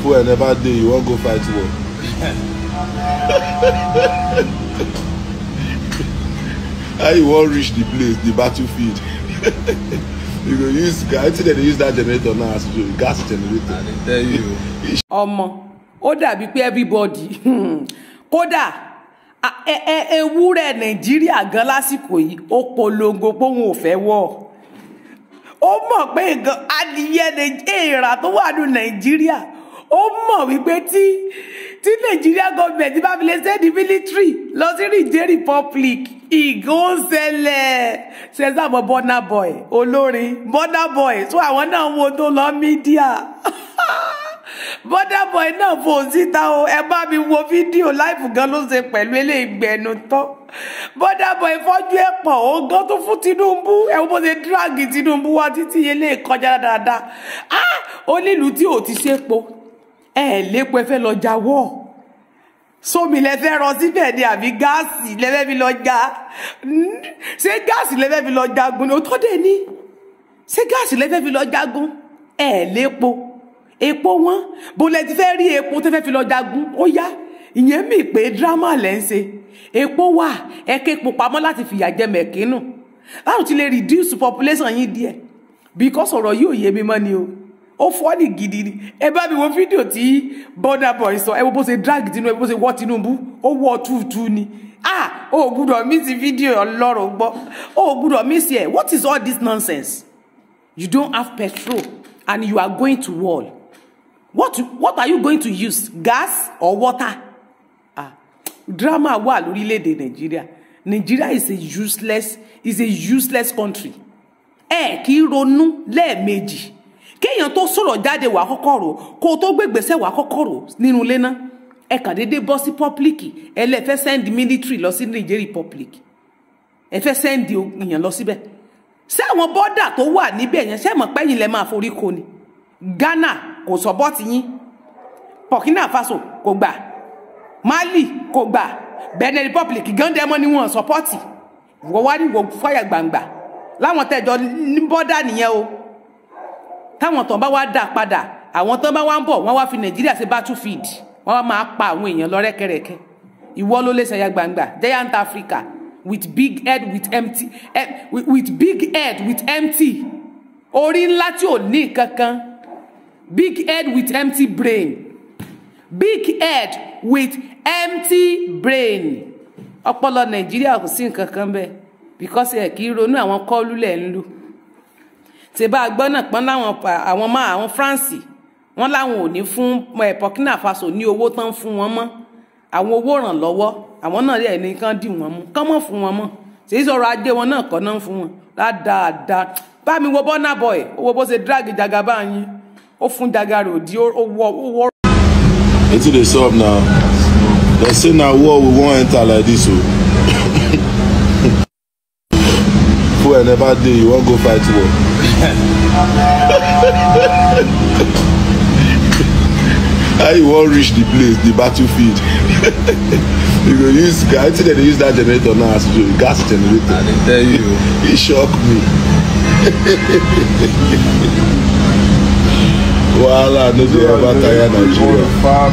fuel never day you wan go fight war how you wan reach the place the battlefield you go use i think dem dey use that generator now as you gas generator i dey tell you. ọmọ ó dàbí pé everybody kódà e, e, ewúrẹ́ nàìjíríà gan lásìkò yìí ó polongo pé òun ò fẹ́ wọ̀ ó mọ̀ pé nǹkan adìyẹ èèrà tó wà ní nàìjíríà ó mọ̀ wípé tí tí Nigeria government bá fi lè sẹ́ni military lọ sí Niger Republic ìgúnṣẹlẹ̀ ṣẹ́sàmọ́ Burna Boy olórin Burna Boy tún àwọn náà wo tó lọ mídíà Burna Boy náà fò síta o ẹ bá mi wo fídíò láìpù gan ló ṣe pẹ̀lú eléègbẹ̀nu tán Burna Boy fọ́jú ẹ̀ pọ̀ ó gan tó fún Tinubu ẹ wo bó ṣe dírágì Tinubu wá títí eléèkọjá dáadáa ah onílù tí ò ti ṣe po ẹ lépo ẹ fẹ́ lọ jáwọ́ sómi lẹ fẹ́ rọ síbẹ̀ ni àbí gáàsì lẹ fẹ́ fi lọ ja ṣé gáàsì lẹ fẹ́ fi lọ jagun ni òótọ́ dẹ̀ ni ṣé gáàsì lẹ fẹ́ fi lọ jagun ẹ lépo epo wọn bó lẹ ti fẹ́ rí epo tẹ́ fẹ́ fi lọ jagun ó yá ìyẹn mì pé dírámà lẹ ń ṣe epo wà ẹ ké epo pamọ́ láti fìyà jẹ mẹ̀kínù láti ti lè reduce population yín díẹ̀ because ọ̀rọ̀ yìí ò yé mi mọ́ ni o ó fọ́ọ̀nì gidi ni ẹ bá mi wo fídíò tí Burna Boy sọ ẹ wo bó ṣe drag Tinubu ẹ wo bó ṣe wọ́ Tinubu ó wọ́ túùtù ni ah o gbúdọ̀ miss fídíò ọlọ́run gbọ́ o gbúdọ̀ miss ẹ̀ what is all this nonsense you don't have petrol and you are going to wall what what are you going to use gas or water ah drama wà lórílẹ̀‐èdè nàìjíríà nàìjíríà is a useless is a useless country ẹ kì í ronú lẹ́ẹ̀mejì kéèyàn tó sọ̀rọ̀ jáde wà kọ́kọ́ rò kó o tó gbégbèsè wà kọ́kọ́ rò nínú ilé náà ẹ kàn déédéé bọ́ sí public ẹ lẹ fẹ́ send military lọ sí Nigeria republic ẹ fẹ́ send èèyàn lọ síbẹ̀ ṣé àwọn bọ́dà tó wà níbẹ̀ yẹn ṣé mọ̀ pẹ́yìn lẹ máa forí ko ni Ghana kò sọ́pọ́ọ̀tì yín Burkina Faso kò gbà Mali kò gbà Benin republic gandemo ni wọn sọ́pọ́ọ̀tì wọ́n wá ní wọ́n fọ́yà gbangba láwọn tẹ̀jọ́ ní bọ́dà nìyẹn o táwọn tán bá wá dà padà àwọn tán bá wá ń bọ̀ wọ́n wá fi nàìjíríà ṣe battlefield wọ́n wá máa pa àwọn èèyàn lọ rẹ́kẹrẹ́kẹ́ ìwọ ló lè ṣẹ̀yà gbangba giant africa with big head with empty eh, with, with big head with empty orí ńlá tí ò ní kankan big head with empty brain big head with empty brain ọpọlọ nàìjíríà kò sí nǹkan kan because ẹ kì í ronú àwọn kọ́ọ̀lù lẹ̀ ń lù tèbá gbọ́nà pọ́n láwọn àwọn máa àwọn France wọ́n láwọn ò ní fún eh, Burkina Faso ní owó tán fún wọn mọ́ àwọn owó ìrànlọ́wọ́ àwọn náà rẹ̀ ní kán dì wọ́n mú kán mọ̀ fún wọn mọ́ ṣèyí sọ̀rọ̀ ajé wọn náà kọ́ náà fún wọn dáadáa bá mi wo Burna Boy owó bó ṣe dírágì jagaba yín ó fún jagara òdi ó wọ́. wetin dey sup now dem say na war we wan enter like dis o fuel never dey you wan go fight war how you wan reach the place the battlefield you go use i think dem dey use that generator now as you gas generator i dey tell you e shock me wahala no dey ever tire nigeria.